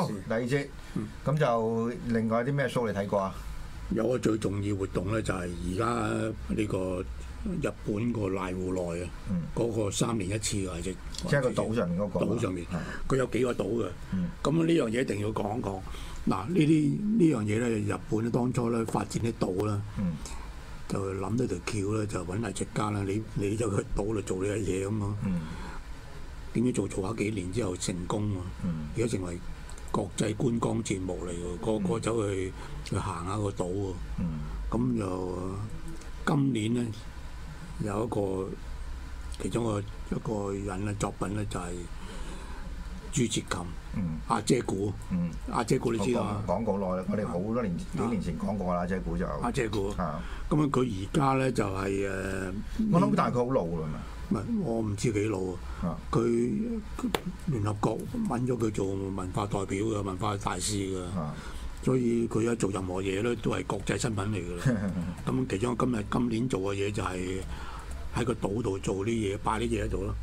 好，第二節，咁就另外啲咩書你睇過啊？有個最重要活動咧，就係而家呢個日本個瀨戶內啊，嗰個三年一次嘅系只，即係個島上面嗰個島上面，佢有幾個島嘅。咁呢樣嘢一定要講一講。嗱，呢啲呢樣嘢咧，日本咧，當初咧發展啲島啦，就諗到條橋咧，就揾藝術家啦，你你就去島度做呢樣嘢咁啊。點樣做？做下幾年之後成功啊！而家成為。國際觀光節目嚟㗎，個個走去去行下個島喎。咁、嗯、就今年咧有一個其中個一個人嘅作品咧，就係朱哲琴。阿、嗯啊、姐鼓，阿、啊、姐鼓，嗯啊、姐鼓你知道，講過好耐啦，我哋好多年、嗯、幾年前講過阿姐鼓就。阿、啊啊、姐鼓，咁啊佢而家咧就係、是、誒。嗯、我諗大概好老啦。我唔知幾老佢、啊、聯合國揾咗佢做文化代表嘅文化大師㗎，啊、所以佢一做任何嘢咧都係國際新聞嚟㗎。咁 其中今日今年做嘅嘢就係喺個島度做啲嘢，擺啲嘢喺度咯。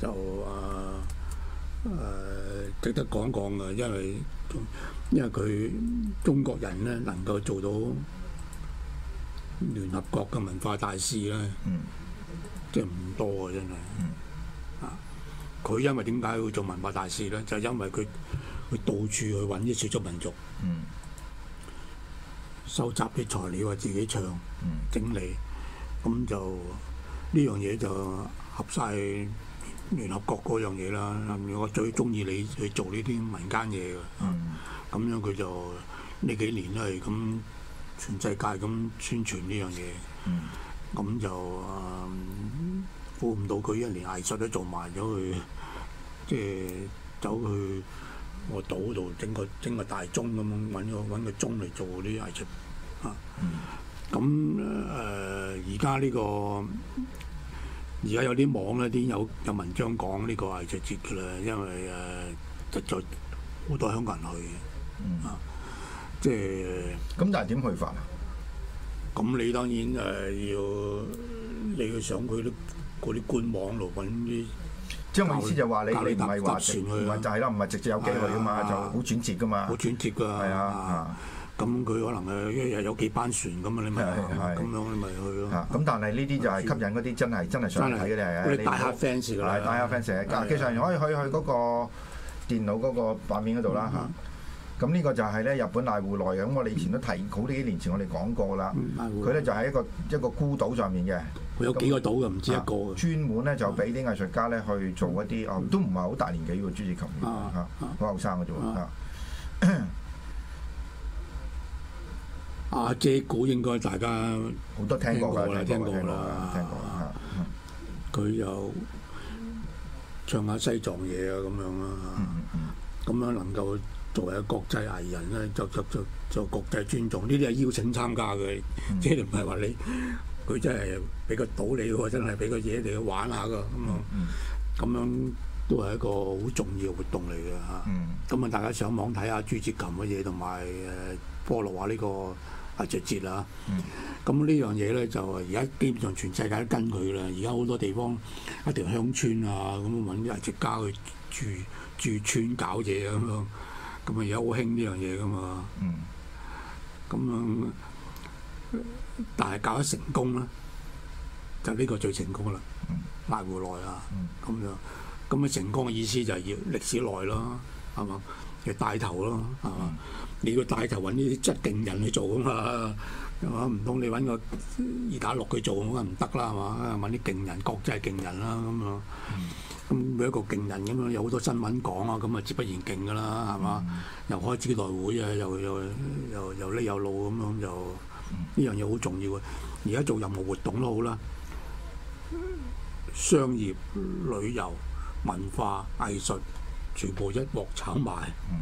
就啊誒、啊，值得講一講嘅，因為因為佢中國人咧能夠做到聯合國嘅文化大師咧。嗯即係唔多啊！真係，啊、嗯，佢因為點解會做文化大使咧？就係、因為佢佢到處去揾啲少數民族，嗯、收集啲材料啊，自己唱、嗯、整理，咁就呢樣嘢就合晒聯合國嗰樣嘢啦。我最中意你去做呢啲民間嘢嘅，咁、嗯、樣佢就呢幾年都係咁全世界咁宣傳呢樣嘢。嗯咁就啊，估唔到佢一連藝術都做埋咗去，即係走去我島度整個整個大鐘咁樣揾個揾個鐘嚟做啲藝術啊！咁誒而家呢個而家有啲網咧，啲有有文章講呢個藝術節嘅啦，因為誒實在好多香港人去啊，嗯嗯、即係是咁，但係點去法啊？咁你當然誒要你要上佢啲啲官網度揾啲，即我意思就話你你唔係話船去，就係咯，唔係直接有機會啊嘛，就好轉折噶嘛。好轉折㗎，係啊。咁佢可能誒一日有幾班船咁啊，你咪咁樣你咪去咯。咁但係呢啲就係吸引嗰啲真係真係想睇嘅咧，係啊。我哋大客 fans 嚟嘅。係大客 fans 啊！咁其實可以去去嗰個電腦嗰個版面嗰度啦嚇。咁呢個就係咧日本瀨戶內嘅，咁我哋以前都提好多年前我哋講過啦。佢咧就喺一個一個孤島上面嘅，佢有幾個島嘅，唔止一個。專門咧就俾啲藝術家咧去做一啲哦，都唔係好大年紀喎，朱哲琴。嚇好後生嘅啫。阿姐鼓應該大家好多聽過啦，聽過啦。佢有唱下西藏嘢啊，咁樣啦，咁樣能夠。作為一國際藝人咧，就就就就，就國際尊重呢啲係邀請參加嘅，即係唔係話你佢真係俾個賭你喎，真係俾個嘢你去玩下噶咁啊，咁樣都係一個好重要嘅活動嚟嘅嚇。咁啊、嗯，大家上網睇下朱哲琴嘅嘢同埋誒波洛話呢個阿雀、啊、節、節啊。咁、嗯、呢樣嘢咧就而家基本上全世界都跟佢啦。而家好多地方一條鄉村啊，咁啊揾啲阿雀家去住住村搞嘢咁樣。嗯咁咪而家好興呢樣嘢㗎嘛，咁、嗯、樣，但係搞得成功咧，就呢個最成功啦，艾湖、嗯、內啊，咁就咁啊成功嘅意思就係要歷史嚟咯，係嘛，要帶頭咯，係嘛，嗯、你要帶頭揾啲即係勁人去做啊嘛，係嘛，唔通你揾個二打六去做咁啊唔得啦係嘛，揾啲勁人，國際勁人啦咁啊。每一個勁人咁樣，有好多新聞講啊，咁啊自不然勁噶啦，係嘛、嗯？又開招待會啊，又又又又叻又老咁樣就，就呢樣嘢好重要嘅。而家做任何活動都好啦，商業、旅遊、文化、藝術，全部一鑊炒埋，嗯、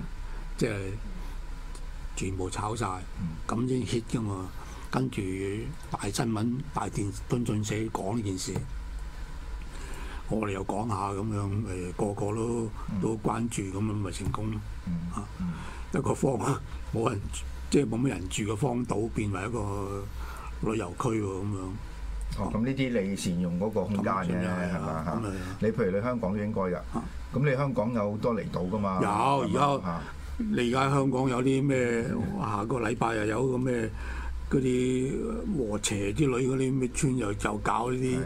即係全部炒晒。咁先 hit 噶嘛。跟住大新聞、大電、大進社講呢件事。我哋又講下咁樣誒，個個都都關注咁，嗯、樣咪成功咯嚇。嗯嗯，一個荒冇人即係冇乜人住嘅荒島，變為一個旅遊區喎咁樣。哦，咁呢啲你善用嗰個空間嘅係你，譬如你香港都應該嘅。咁、啊、你香港有好多離島㗎嘛？有而家吧你而家香港有啲咩？下個禮拜又有個咩嗰啲和斜之類嗰啲咩村又就搞呢啲？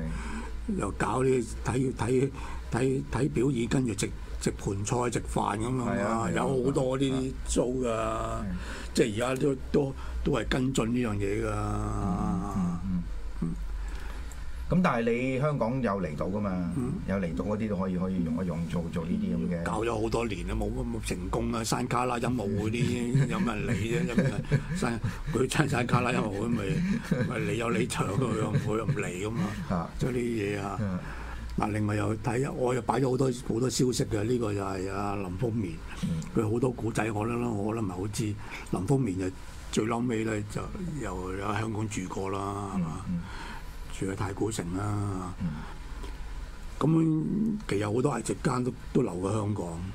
又搞呢睇睇睇睇表演，跟住食食盤菜食飯咁樣啊，有好多呢啲租噶，即係而家都都都係跟進呢樣嘢噶。嗯咁但係你香港有嚟到㗎嘛？嗯、有嚟到嗰啲都可以可以用一用做做呢啲咁嘅。搞咗好多年啦，冇冇成功啊？山卡拉音樂會嗰啲有乜人理啫？ 山佢唱山卡拉音樂，咪咪你有你唱，我又我又唔理咁嘛？啊！呢啲嘢啊，嗱，另外又睇，我又擺咗好多好多消息嘅。呢、呢個就係阿林風眠，佢好、嗯、多古仔，我咧我咧唔係好知。林風眠就最嬲尾咧，就又有香港住過啦，係嘛、嗯？嗯嗯住喺太古城啦，咁樣其實好多藝術家都都留喺香港，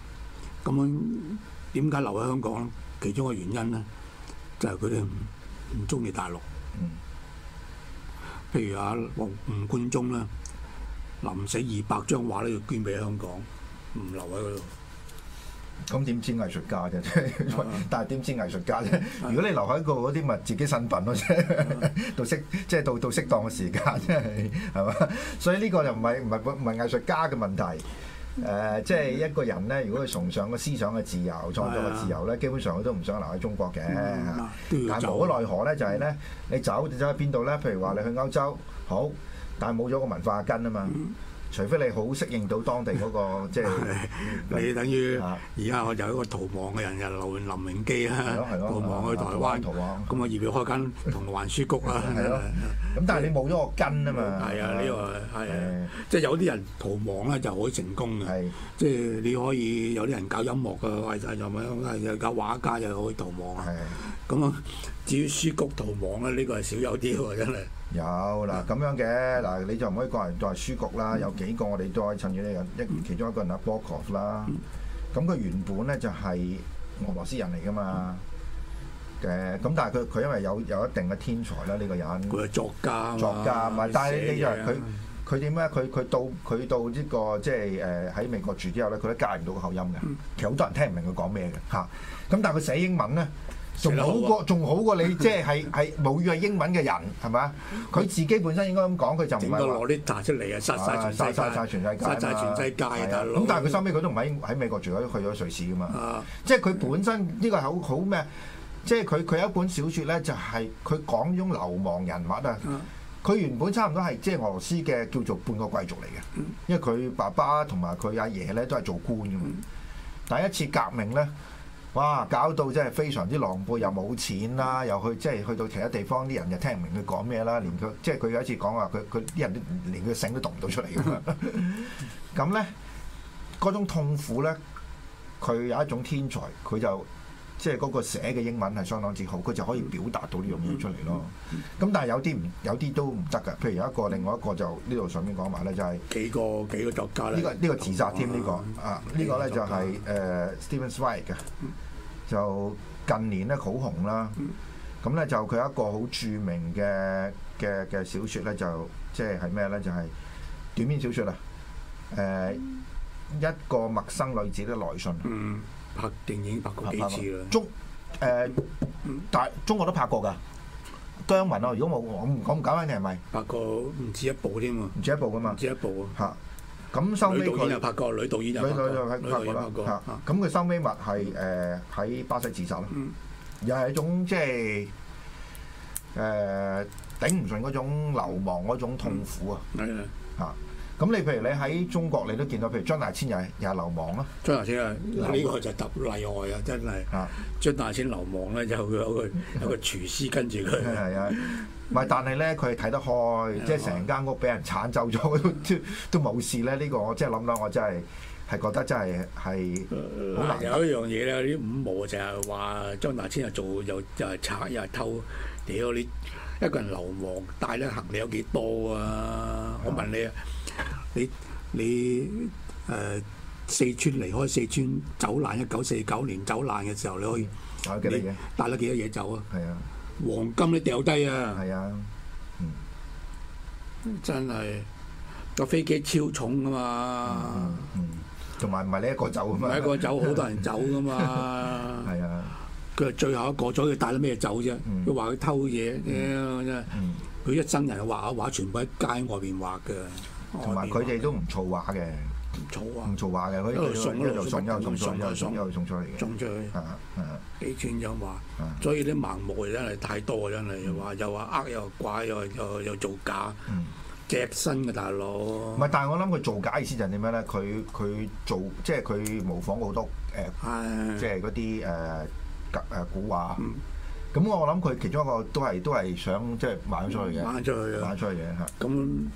咁樣點解留喺香港咧？其中一個原因咧，就係佢哋唔唔中意大陸。譬如啊，吳冠中咧，臨死二百張畫咧要捐俾香港，唔留喺嗰度。咁點知藝術家啫？ 但係點知藝術家啫？如果你留喺個嗰啲咪自己身份咯啫，到適即係到到適當嘅時間，真係係嘛？所以呢個就唔係唔係唔係藝術家嘅問題。誒，即係一個人咧，如果佢崇尚個思想嘅自由、創作嘅自由咧，的基本上佢都唔想留喺中國嘅。嗯、但係無可奈何咧，就係、是、咧，你走就走去邊度咧？譬如話你去歐洲好，但係冇咗個文化啊根啊嘛。嗯除非你好適應到當地嗰個，即係你等於而家又一個逃亡嘅人，又流連林榮基啦，逃亡去台灣，咁啊，而要開間銅鑼灣書局啊，係咯，咁但係你冇咗個根啊嘛，係啊，呢個係即係有啲人逃亡咧就好成功嘅，即係你可以有啲人搞音樂嘅，或者又咩啊，有搞畫家就可以逃亡，係咁啊。至於書局逃亡咧，呢個係少有啲喎，真係有嗱咁樣嘅嗱，你就唔可以講係講係書局啦。有幾個我哋都趁住呢個一其中一個人阿波克啦。咁佢原本咧就係俄羅斯人嚟噶嘛嘅，咁但係佢佢因為有有一定嘅天才啦，呢個人佢係作家作家嘛。但係你你又話佢佢點咧？佢佢到佢到呢個即係誒喺美國住之後咧，佢都戒唔到個口音嘅。其實好多人聽唔明佢講咩嘅嚇。咁但係佢寫英文咧。仲好過，仲好過你，即係係係母語係英文嘅人，係咪啊？佢自己本身應該咁講，佢就唔係話，整攞啲彈出嚟啊，殺曬殺曬殺曬全世界！殺曬全世界大佬。咁對、啊、但係佢收尾佢都唔係喺美國住咗，去咗瑞士噶嘛？啊！即係佢本身呢、呢個係好好咩啊？即係佢佢有一本小説咧，就係、係、佢講種流亡人物啊。佢原本差唔多係即係俄羅斯嘅叫做半個貴族嚟嘅，因為佢爸爸同埋佢阿爺咧都係做官噶嘛。第一次革命咧。哇！搞到真係非常之狼狽，又冇錢啦，又去即係去到其他地方，啲人又聽唔明佢講咩啦，連佢即係佢有一次講話，佢佢啲人連佢姓都讀唔到出嚟咁 樣。咁咧，嗰種痛苦咧，佢有一種天才，佢就即係嗰個寫嘅英文係相當之好，佢就可以表達到呢樣嘢出嚟咯。咁、嗯嗯嗯、但係有啲唔有啲都唔得㗎。譬如有一個，另外一個就呢度上面講埋咧、呢個，就係幾個幾個作家咧。呢個呢個自殺添呢、呢個啊，呢、呢個咧就係、係、誒 Stefan Zweig、uh, 嘅。就近年咧好紅啦，咁咧就佢一個好著名嘅嘅嘅小説咧就即係咩咧就係、是、短篇小説啊，誒、呃、一個陌生女子的來信，嗯、拍電影拍過幾次啦，中誒但係、呃嗯、中國都拍過噶，姜文咯、啊，如果冇我唔講唔搞緊嘅係咪？是是拍過唔止一部添喎，唔止一部噶嘛，唔止一部啊嚇。咁收尾佢女導演又拍過，女導演又拍過啦。咁佢收尾咪係誒喺巴西自殺咯，嗯、又係一種即係誒頂唔順嗰種流亡嗰種痛苦啊！啊、嗯、～咁你譬如你喺中國，你都見到，譬如張大千又係又係流亡咯。張大千啊，呢個就特例外啊，真係啊。張大千流亡咧，有個有個有個廚師跟住佢。係啊， 唔係但係咧，佢係睇得開，即係成間屋俾人鏟走咗 都都冇事咧。呢、這個我，我真係諗啦，我真係係覺得真係係好難。有一樣嘢咧，啲五毛成日話張大千又做又又係賊又係偷屌你！一個人流亡帶咧行李有幾多啊？我問你啊，你你誒四川離開四川走難一九四九年走難嘅時候，你可以帶咗幾多嘢走啊？係啊，黃金你掉低啊！係啊，嗯，真係個飛機超重㗎嘛！嗯，同埋唔係你一個走啊嘛，唔係一個走，好多人走噶嘛。係啊。佢最後一個咗，佢帶咗咩走啫？佢話佢偷嘢，佢一生人畫下畫，全部喺街外邊畫嘅。同埋佢哋都唔造畫嘅，唔造畫，唔造畫嘅。佢一路送，一路送，又送，又送，又送，又送咗嚟嘅。送出去，啊啊！幾錢，所以啲盲目真係太多，真係又話又話呃又怪又又又做假，隻身嘅大佬。唔係，但係我諗佢造假意思就係點樣咧？佢佢做即係佢模仿好多誒，即係嗰啲誒。格誒古畫，咁我諗佢其中一個都係都係想即係買咗出去嘅，買咗出去，買咗出去嘅嚇。咁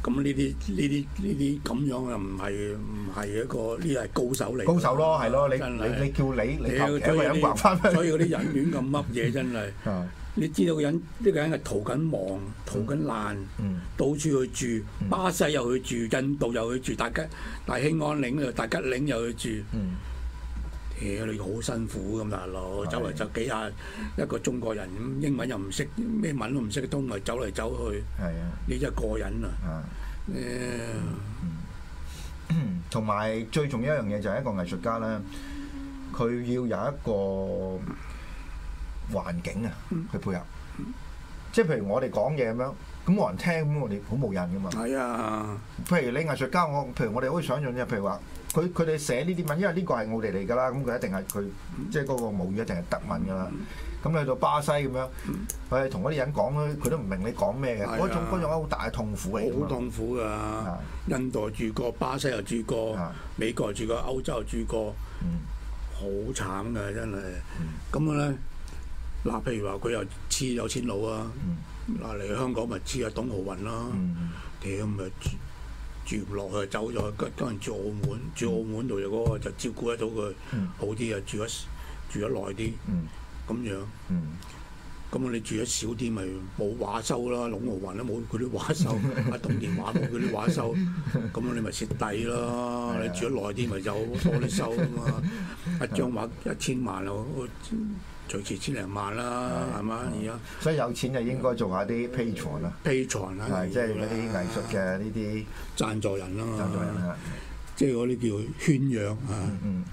咁呢啲呢啲呢啲咁樣又唔係唔係一個呢係高手嚟。高手咯，係咯，你你叫你你請個人畫翻翻。所以嗰啲人亂咁噏嘢真係。啊！你知道個人呢個人係逃緊亡，逃緊難，到處去住，巴西又去住，印度又去住，大吉大興安嶺又大吉嶺又去住。嗯。你好、哎、辛苦咁大佬，啊、走嚟走幾下，一個中國人咁，英文又唔識，咩文都唔識通，咪走嚟走去，你真係過癮啊！同埋最重要一樣嘢就係一個藝術家咧，佢要有一個環境啊，去配合，即係、嗯嗯、譬如我哋講嘢咁樣。咁冇人聽，咁我哋好冇癮㗎嘛？係啊、哎呀，譬如你藝術家，我譬如我哋可以想象啫。譬如話，佢佢哋寫呢啲文，因為呢個係我哋嚟㗎啦，咁佢一定係佢即係嗰個母語一定係德文㗎啦。咁、嗯、你去、嗯、到巴西咁樣，佢係同嗰啲人講，佢都唔明你講咩嘅。嗰、哎、呀種好大痛苦嚟，好痛苦㗎！印度住過，巴西又住過，美國住過，歐洲又住過，好、嗯、慘㗎真係。咁樣咧，嗱譬如話佢又黐有錢佬啊！嗯嗯嗱嚟香港咪知阿董浩雲咯，屌咪住唔落去，走咗跟人住澳門，住澳門度就嗰個就照顧得到佢，好啲啊住得住得耐啲，咁樣，咁你住得少啲咪冇畫收啦，董浩雲都冇佢啲畫收，阿董建華冇佢啲畫收，咁你咪蝕底咯，你住得耐啲咪有多啲收啊嘛，一張畫一千萬咯。隨時千零萬啦，係嘛？而家所以有錢就應該做下啲批藏啊，批藏啊，即係嗰啲藝術嘅呢啲贊助人啦，贊助人，即係嗰啲叫圈養啊，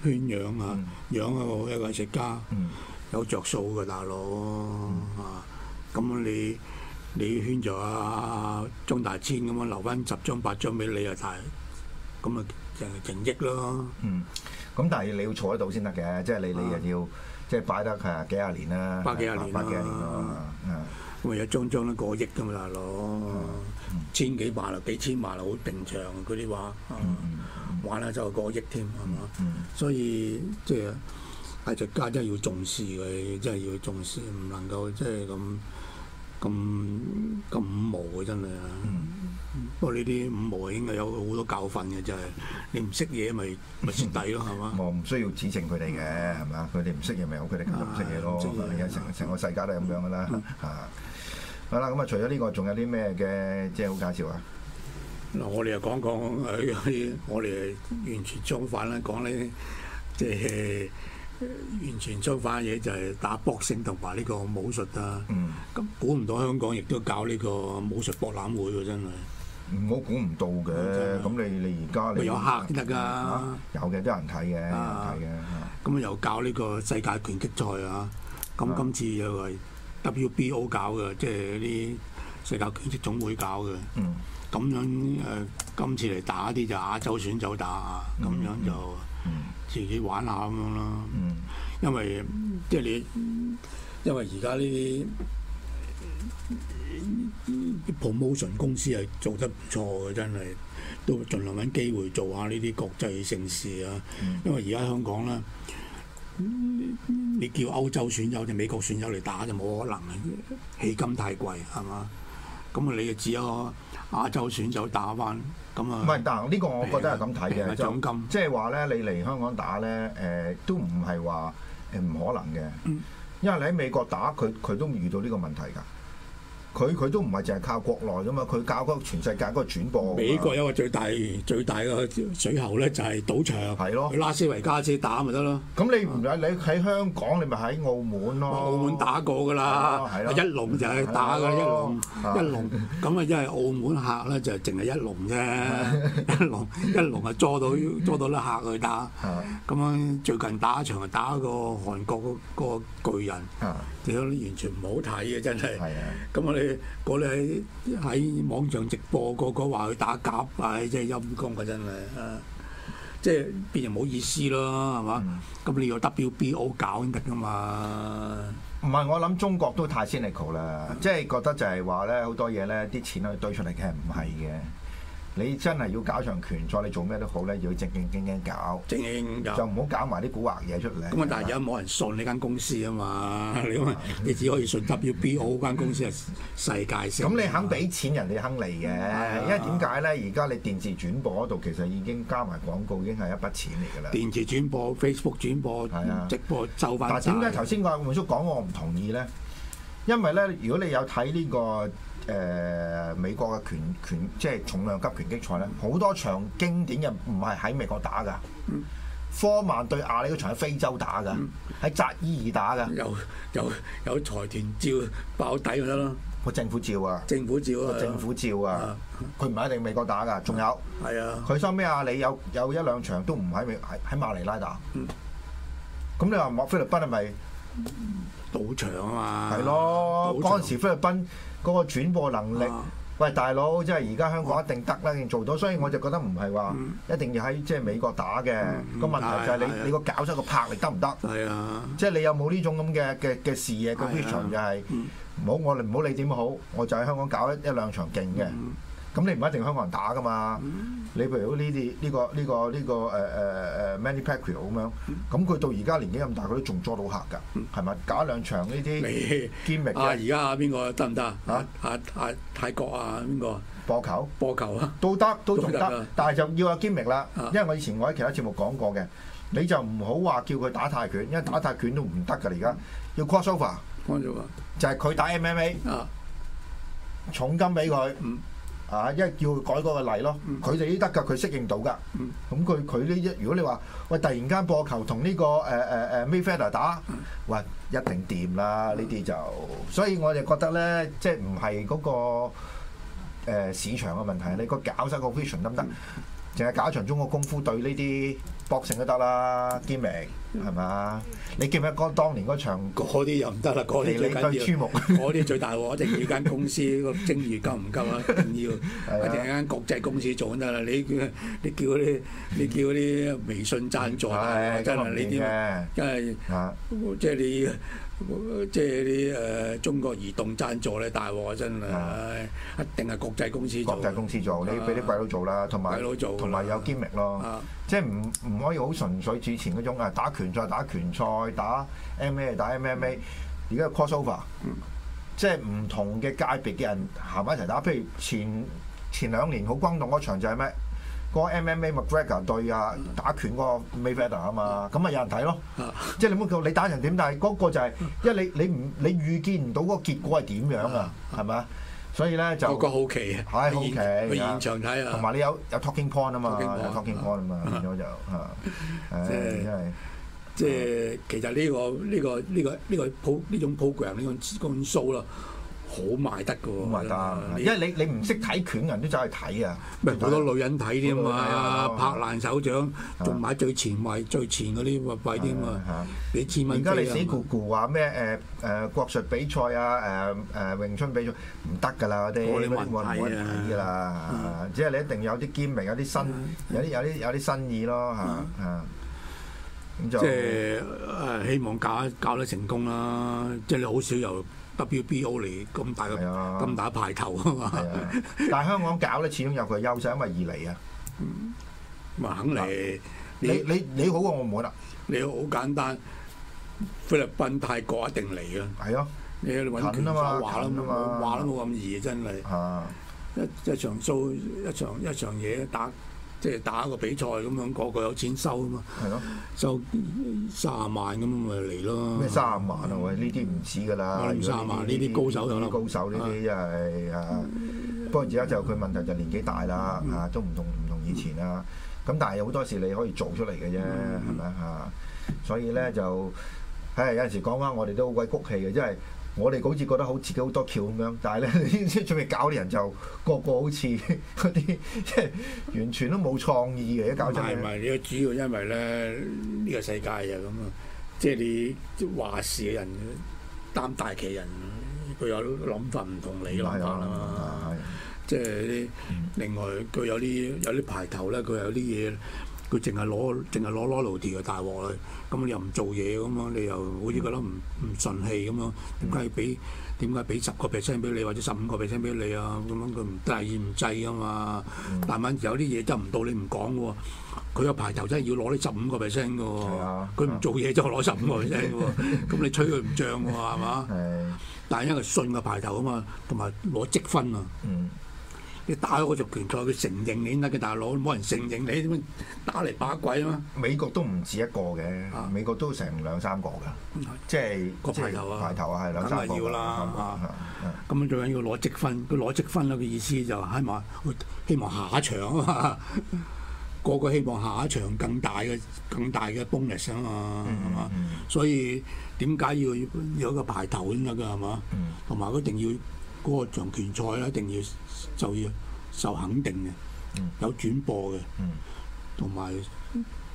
圈養啊，養一個一個藝術家，有着數嘅大佬啊，咁你你圈咗啊張大千咁樣留翻十張八張俾你啊，但咁啊，就係淨益咯。嗯，咁但係你要坐喺度先得嘅，即係你你又要。即係擺得係幾廿年啦，百幾廿年啦，咁對啊有、嗯、張張都過億噶嘛，攞、嗯啊、千幾萬啊幾千萬啊好平常嗰啲畫，玩下就過億添，係嘛？所以即係藝術家真係要重視佢，即係要重視，唔能夠即係咁。咁咁無嘅真係，不過呢啲五無應該有好多教訓嘅就係，你唔識嘢咪咪蝕底咯係嘛，我唔需要指證佢哋嘅係嘛，佢哋唔識嘢咪由佢哋唔識嘢咯，而家成成個世界都係咁樣㗎啦嚇。好啦，咁啊除咗呢個，仲有啲咩嘅即係好介紹啊？嗱，我哋又講講喺我哋完全相反啦，講咧即係。完全相反嘢就係、是、打搏勝同埋呢個武術啊！咁估唔到香港亦都搞呢個武術博覽會喎，真係！我估唔到嘅。咁、嗯、你你而家你有客先得㗎。有嘅都有人睇嘅，睇嘅、啊。咁又搞呢個世界拳擊賽啊！咁今次又係 WBO 搞嘅，即係啲世界拳擊總會搞嘅。咁、嗯、樣誒、呃，今次嚟打啲就亞洲選手打啊！咁樣就嗯。嗯自己玩下咁樣咯，因為即係你，因為而家呢啲 promotion 公司係做得唔錯嘅，真係都盡量揾機會做下呢啲國際盛事啊。嗯、因為而家香港呢，你叫歐洲選手定美國選手嚟打就冇可能嘅，起金太貴係嘛？咁啊，你就只有亞洲選手打返。唔係，啊、但呢個我覺得係咁睇嘅，即係話咧，你嚟香港打咧，誒、呃、都唔係話誒唔可能嘅，因為你喺美國打，佢佢都遇到呢個問題㗎。佢佢都唔係淨係靠國內噶嘛，佢教嗰全世界嗰個轉播。美國有一個最大最大個水喉咧就係賭場。係咯，拉斯維加斯打咪得咯。咁你唔喺你喺香港，你咪喺澳門咯。澳門打過噶啦，一龍就係打噶，一龍一龍咁啊，因為澳門客咧就淨係一龍啫，一龍一龍啊，捉到捉到啲客去打。咁樣最近打一場啊，打個韓國個巨人。啊！屌，完全唔好睇啊，真係。係啊。咁我哋。嗰啲喺喺網上直播，個個話去打交，啊！真係陰公㗎，真係啊！即係邊又冇意思咯，係、嗯、嘛？咁你要 WBO 搞先得㗎嘛？唔係，我諗中國都太 cynical 啦，即係的覺得就係話咧，好多嘢咧啲錢去堆出嚟嘅係唔係嘅。你真係要搞場拳賽，你做咩都好咧，要正正經經經搞，就唔好搞埋啲古惑嘢出嚟。咁但係而家冇人信呢間公司啊嘛， 你只可以信 WBO 間公司係 世界性。咁、嗯、你肯俾錢人哋肯嚟嘅，啊、因為點解咧？而家你電視轉播嗰度其實已經加埋廣告，已經係一筆錢嚟㗎啦。電視轉播、Facebook 轉播、啊、直播就翻。點解頭先我阿黃叔講我唔同意咧？因為咧，如果你有睇呢、呢個。誒美國嘅拳拳即係重量級拳擊賽咧，好多場經典嘅唔係喺美國打噶。科曼對阿里嗰場喺非洲打噶，喺扎伊爾打噶。有有有財團照爆底就得咯。個政府照啊。政府照啊。政府照啊。佢唔係一定美國打噶。仲有。係啊。佢收咩啊？阿里有有一兩場都唔喺美喺喺馬尼拉打。咁你話馬菲律賓係咪賭場啊？嘛。係咯。嗰陣時菲律賓。嗰個轉播能力，喂大佬，即係而家香港一定得啦，已經做咗，所以我就覺得唔係話一定要喺即係美國打嘅，個問題就係你你個搞出個魄力得唔得？係啊，即係你有冇呢種咁嘅嘅嘅視野？個 vision 就係唔好我哋唔好理點好，我就喺香港搞一一兩場勁嘅。咁你唔一定香港人打噶嘛？你譬如呢啲呢個呢、呢個呢個誒誒 Manny Pacquiao 咁樣，咁佢到而家年紀咁大，佢都仲捉到客㗎，係咪？搞一兩場呢啲堅明啊！而家邊個得唔得啊？行行啊啊泰國啊邊個？播球？播球啊？都得，都仲得，但係就要阿堅明啦，因為我以前我喺其他節目講過嘅，你就唔好話叫佢打泰拳，因為打泰拳都唔得㗎啦！而家要 Cross over，o 就係佢打 MMA，啊啊、重金俾佢。啊！叫佢改嗰個例咯，佢哋都得噶，佢適應到噶。咁佢佢呢一，如果你話喂，突然間播球同呢個誒誒誒 Mayfair 打，喂，一定掂啦！呢啲就，所以我就覺得咧，即係唔係嗰個、呃、市場嘅問題，你個搞晒個 vision 得唔得？淨係假長中個功夫隊呢啲博勝都得啦，攪名係嘛？你記唔記得當年嗰場嗰啲又唔得啦？嗰啲最緊要，嗰啲最，最大鑊，一定要間公司個蒸魚夠唔夠啊？一定要一定要間國際公司做得啦！你你叫嗰啲你叫嗰啲微信贊助 呀真係呢啲，真係即係你。即係啲誒中國移動贊助咧，大鑊真係啊！一定係國，國際公司做，國際公司做，你俾啲鬼佬做啦，同埋同埋有兼力咯。啊、即係唔唔可以好純粹之前嗰種啊，打拳賽、打拳賽、嗯、打 MMA、嗯、打 MMA，而家係 crossover，即係唔同嘅界別嘅人行埋一齊打。譬如前前兩年好轟動嗰場就係咩？個 MMAMcGregor 對啊打拳個 Mayweather 啊嘛，咁啊有人睇咯，即係你冇叫你打成點，但係嗰個就係，因為你你唔你預見唔到嗰個結果係點樣啊，係咪啊？所以咧就個好奇，唉好奇啊，去現場睇啊，同埋你有有 Talking Point 啊嘛，有 Talking Point 啊嘛，變咗就嚇，即係即係其實呢個呢個呢個呢個呢種 program 呢種 show 咯。好賣得嘅喎，好賣得。因為你你唔識睇拳人都走去睇啊！咪好多女人睇添嘛，拍爛手掌，仲買最前買最前嗰啲物品添嘛，俾千蚊。而家你死咕咕話咩？誒誒國術比賽啊，誒誒詠春比賽唔得㗎啦！嗰啲我哋唔允許睇㗎啦。即係你一定有啲堅明，有啲新有啲有啲有啲新意咯嚇嚇。即係誒，希望搞搞得成功啦。即係你好少有。WBO 嚟咁大嘅，咁了大派頭啊嘛！但係香港搞咧，始終有佢優勢，因為而嚟啊，嘛肯嚟。你你你好過我唔好啦。你好簡單，菲律賓、泰國一定嚟啊！係啊了，你揾拳手話咯嘛，話都冇咁易，啊，真係。一一場租一場一場嘢打。即係打個比賽咁樣，個個有錢收啊嘛，收卅萬咁咪嚟咯。咩卅萬啊喂？呢啲唔似㗎啦，卅萬呢啲高手啊，呢啲高手呢啲又係啊。不過而家就佢問題就年紀大啦，啊都唔同唔同以前啦。咁但係好多時你可以做出嚟嘅啫，係咪啊？所以咧就唉，有陣時講翻我哋都好鬼谷氣嘅，即係。我哋好似覺得好自己好多橋咁樣，但係咧， 準備搞啲人就個個好似嗰啲即係完全都冇創意嘅，一搞就係，唔係， 主要因為咧呢、呢個世界就咁啊！即、就、係、係、你話事嘅人擔大旗人，佢有諗法唔同你諗法啦。即係的婆另外佢有啲有啲排頭咧，佢有啲嘢。佢淨係攞，淨係攞攞 royalty 嘅大鑊佢，咁你又唔做嘢咁樣，你又好似覺得唔唔順氣咁樣，點解俾點解俾十個 percent 俾你或者十五個 percent 俾你啊？咁樣佢唔第二唔制啊嘛，慢慢有啲嘢執唔到你唔講喎，佢個牌頭真係要攞啲十五個 percent 嘅喎，佢唔做嘢就攞十五個 percent 嘅喎，咁你吹佢唔漲喎係嘛？但係因為信個牌頭啊嘛，同埋攞積分啊。打咗個場拳賽，佢承認你得嘅、啊、大佬，冇人承認你點打嚟把鬼啊？嘛，美國都唔止一個嘅，美國都成兩三個嘅，即係個排頭啊，排頭啊，係兩三個啦。咁樣最緊要攞積分，攞積分啦嘅意思就係嘛，希望下一場啊嘛，個個希望下一場更大嘅、更大嘅 bonus 啊嘛，係嘛？所以點解要有一個排頭先得嘅係嘛？同埋一定要嗰個場拳賽咧，一定要。那個就要受肯定嘅，有轉播嘅，同埋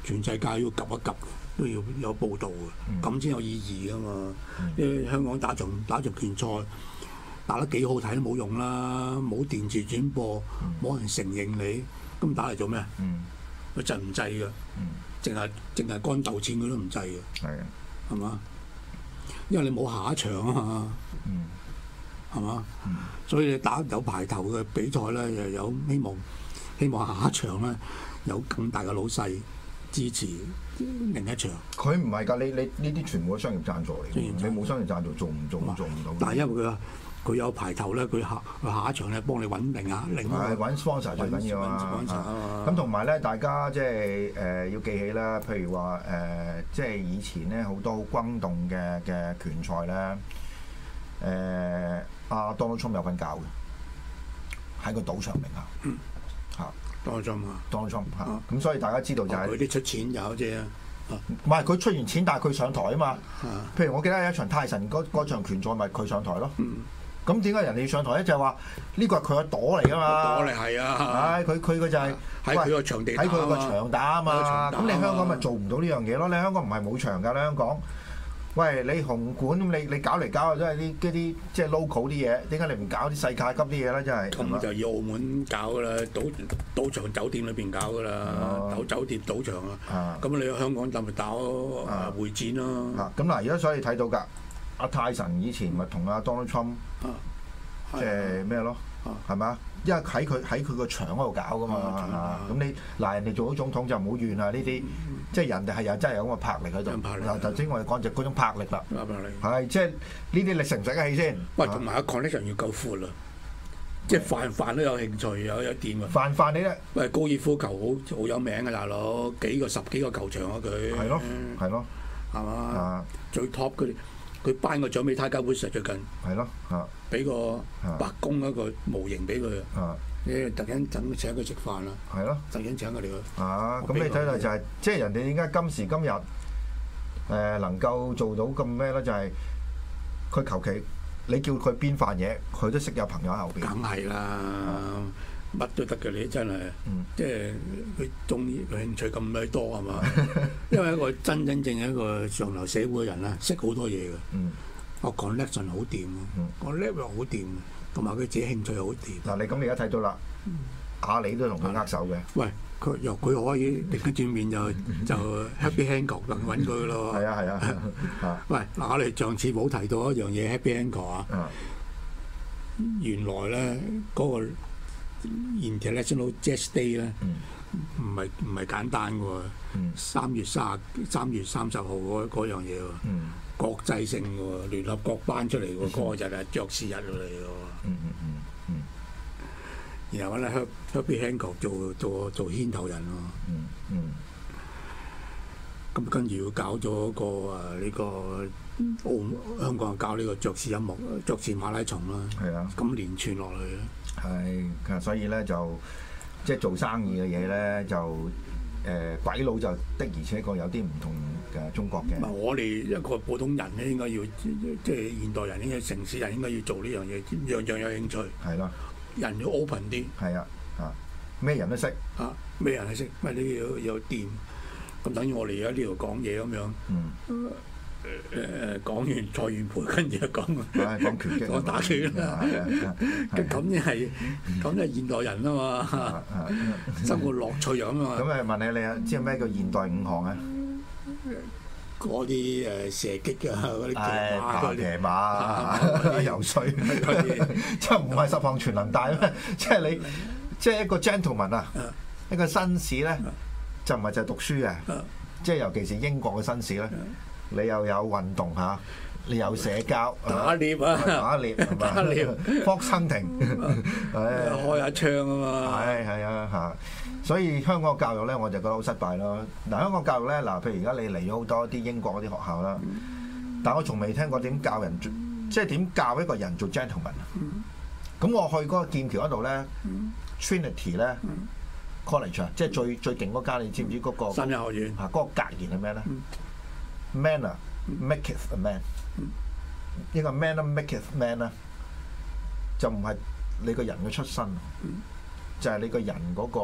全世界要及一及，都要有報導嘅，咁先、嗯、有意義噶嘛？嗯、因為香港打場打場拳賽打得幾好睇都冇用啦，冇電視轉播，冇、嗯、人承認你，咁打嚟做咩？佢制唔制嘅，淨係淨係乾豆錢，佢都唔制嘅，係啊的，係嘛？因為你冇下一場啊嘛。嗯嗯嗯係嘛？嗯、所以打有排頭嘅比賽咧，又有希望，希望下一場咧有咁大嘅老細支持另一場。佢唔係㗎，你你呢啲全部都商業贊助嚟嘅，你冇商業贊助，業贊助做唔做唔做唔到。但因為佢佢有排頭咧，佢下下一場咧幫你揾另一另一。揾 sponsor 最緊要啊！咁同埋咧，大家即係誒要記起啦。譬如話誒，即、呃、係、就是、以前咧好多轟動嘅嘅拳賽咧，誒、呃。阿 Donald Trump 有份搞嘅，喺個賭場名下嚇。Donald Trump 咁所以大家知道就係佢哋出錢有啫。啊。唔係佢出完錢，但係佢上台啊嘛。譬如我記得有一場泰神嗰嗰場拳賽，咪佢上台咯。咁點解人哋要上台咧？就係話呢個係佢個朵嚟㗎嘛。朵嚟係啊！唉，佢佢就係喺佢個場地喺佢個場打啊嘛。咁你香港咪做唔到呢樣嘢咯？你香港唔係冇場㗎，你香港。喂，你紅館咁你你搞嚟搞去都係啲啲即係 local 啲嘢，點解你唔搞啲世界級啲嘢咧？真係咁就要澳門搞噶啦，賭賭場酒店裏邊搞噶啦，賭、哦、酒店賭場啊。咁你喺香港就咪搞、啊啊、會展咯、啊。咁嗱、啊，而家所以睇到㗎，阿泰臣以前咪同阿 Donald Trump 即係咩咯？係咪啊？因為喺佢喺佢個牆嗰度搞噶嘛，咁你嗱人哋做咗總統就唔好怨啊！呢啲即係人哋係有真係有咁嘅魄力喺度，頭先我哋講就嗰種魄力啦。魄力係即係呢啲你承受得起先。喂、啊，同埋個 range 就要夠闊啊！嗯、即係範範都有興趣，有有掂啊！範範你咧，喂高爾夫球好好有名噶啦，老幾個十幾個球場啊佢。係咯，係咯、啊，係嘛、啊？最 top 嗰啲。佢頒個獎俾他交杯上最近，係咯，俾個白宮一個模型俾佢，你的突然間請佢食飯啦，係咯的，突然間請佢哋的啊！咁你睇到就係、是，即係好人哋點解今時今日誒、呃、能夠做到咁咩咧？就係佢求其你叫佢邊飯嘢，佢都識有朋友喺後邊。梗係啦。嗯乜都得㗎你真係，即係佢中意佢興趣咁鬼多啊嘛！因為一個真真正正一個上流社會嘅人啦，識好多嘢嘅。嗯、我 connection 好掂，講 level 好掂，同埋佢自己興趣好掂、um。嗱、啊，你咁你而家睇到啦，阿李都同佢握手嘅。喂，由佢可以逆轉面就就 Happy Hango 能揾佢咯。係啊係啊，啊啊 喂，嗱我哋上次冇提到一樣嘢 Happy Hango 啊，原來咧嗰、那個。International Jazz Day 咧，唔係，唔係簡單嘅喎。三月卅三月三十號嗰樣嘢喎，國際性嘅喎，聯合國班出嚟喎，嗰日啊爵士日嚟嘅喎。嗯嗯嗯、然後揾阿 Herbie Hancock 做做做，做牽頭人咯。咁跟住佢搞咗個啊呢、呃這個澳香港人搞呢個爵士音樂爵士馬拉松啦。係啊、嗯。咁、嗯、連串落去。係，其實所以咧就即係做生意嘅嘢咧就誒鬼佬就的而且確有啲唔同嘅中國嘅。唔係嗱，我哋一個普通人咧應該要即即即現代人應該城市人應該要做呢樣嘢，樣樣有興趣係啦，的人要 open 啲係啊啊，咩人都識啊，咩人都識，咪你要有，有店咁，等於我哋而家呢度講嘢咁樣嗯。誒誒講完蔡元培，跟住又講，講拳擊，講打拳咁你係，咁呢現代人啊嘛，生活樂趣啊咁啊。咁誒問你，你知即係咩叫現代五項啊？嗰啲誒射擊啊，嗰啲騎馬、騎馬、游水，即係唔係十項全能大咩？即係你，即係一個 gentleman 啊，一個紳士咧，就唔係就讀書嘅，即係尤其是英國嘅紳士咧。你又有運動嚇，你有社交打獵啊，打獵，打獵，Fox Hunting，開下槍啊嘛，係係啊嚇，所以香港教育咧，我就覺得好失敗咯。嗱，香港教育咧，嗱，譬如而家你嚟咗好多啲英國嗰啲學校啦，但我從未聽過點教人即係點教一個人做 gentleman。咁我去嗰個劍橋嗰度咧，Trinity 咧，College，即係最最勁嗰間，你知唔知嗰個？三一學院。啊，嗰個格言係咩咧？Manner maketh a man，呢個 manner makeeth man 啊，就唔係你個人嘅出身，就係你個人嗰個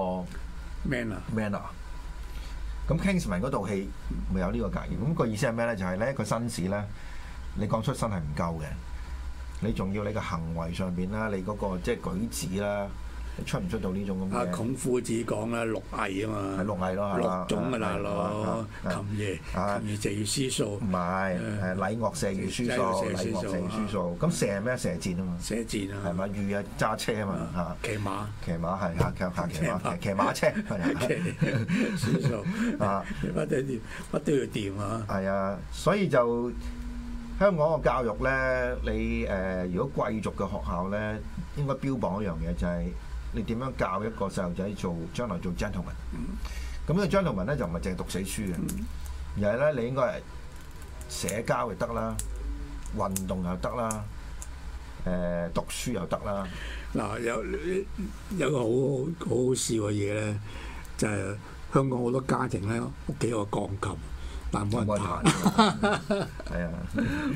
manner manner 啊。咁 Kingsman 嗰套戲咪有呢個格言，咁個意思係咩咧？就係咧個紳士咧，你講出身係唔夠嘅，你仲要你個行為上邊啦，你嗰個即係舉止啦。出唔出到呢種咁嘅？阿孔夫子講啦，六藝啊嘛，六藝咯，六種噶啦，攞琴、絃、琴絃、射、御、書、數，唔係係，禮樂射御書數，禮樂射御書數。咁射咩？射箭啊嘛，射箭啊，係咪？御啊揸車啊嘛，嚇騎馬騎馬係下騎下騎馬騎騎馬車，書數啊乜都要掂啊！係啊，所以就香港嘅教育咧，你誒如果貴族嘅學校咧，應該標榜一樣嘢就係。你點樣教一個細路仔做將來做 gentleman？咁咧、mm hmm. gentleman 咧就唔係淨係讀死書嘅，mm hmm. 而係咧你應該係社交就得啦，運動又得啦，誒讀書又得啦。嗱有有個好好，好好笑嘅嘢咧，就係、是、香港好多家庭咧屋企有個鋼琴，冇人彈，係啊，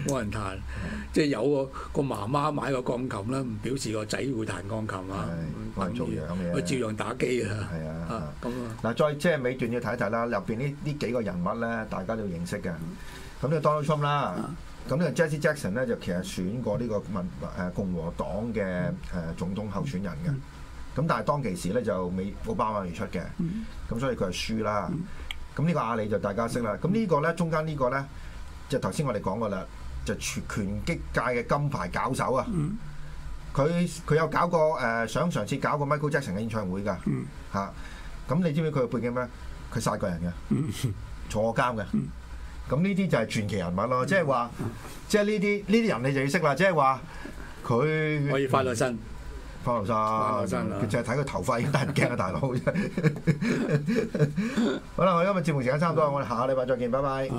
冇人彈， 即係有個個媽媽買個鋼琴啦，唔表示個仔會彈鋼琴啊，冇人做樣嘅，佢照樣打機啊，係啊的，咁啊、嗯，嗱，再即係尾段要睇一睇啦，入邊呢呢幾個人物咧，大家都認識嘅，咁呢個 Donald Trump 啦、嗯，咁呢個 Jesse Jackson 咧就其實選過呢個民誒共和黨嘅誒總統候選人嘅，咁、嗯嗯、但係當其時咧就美奧巴馬而出嘅，咁、嗯、所以佢係輸啦。嗯。咁呢個阿里就大家識啦。咁、這個、呢間個咧中間呢個咧，就頭先我哋講過啦，就全拳擊界嘅金牌搞手啊。佢佢、嗯、有搞過誒、呃，想嘗試搞過 Michael Jackson 嘅演唱會㗎嚇。咁、嗯啊、你知唔知佢嘅背景咩？佢殺過人嘅，嗯、坐監嘅。咁呢啲就係傳奇人物咯。即係話，即係呢啲呢啲人你就要識啦。即係話佢可以快兩身。佢就係睇佢頭髮，已經得人驚啊，大佬。 好啦，我哋今日節目時間差唔多啦， 我哋下個禮拜再見，拜拜。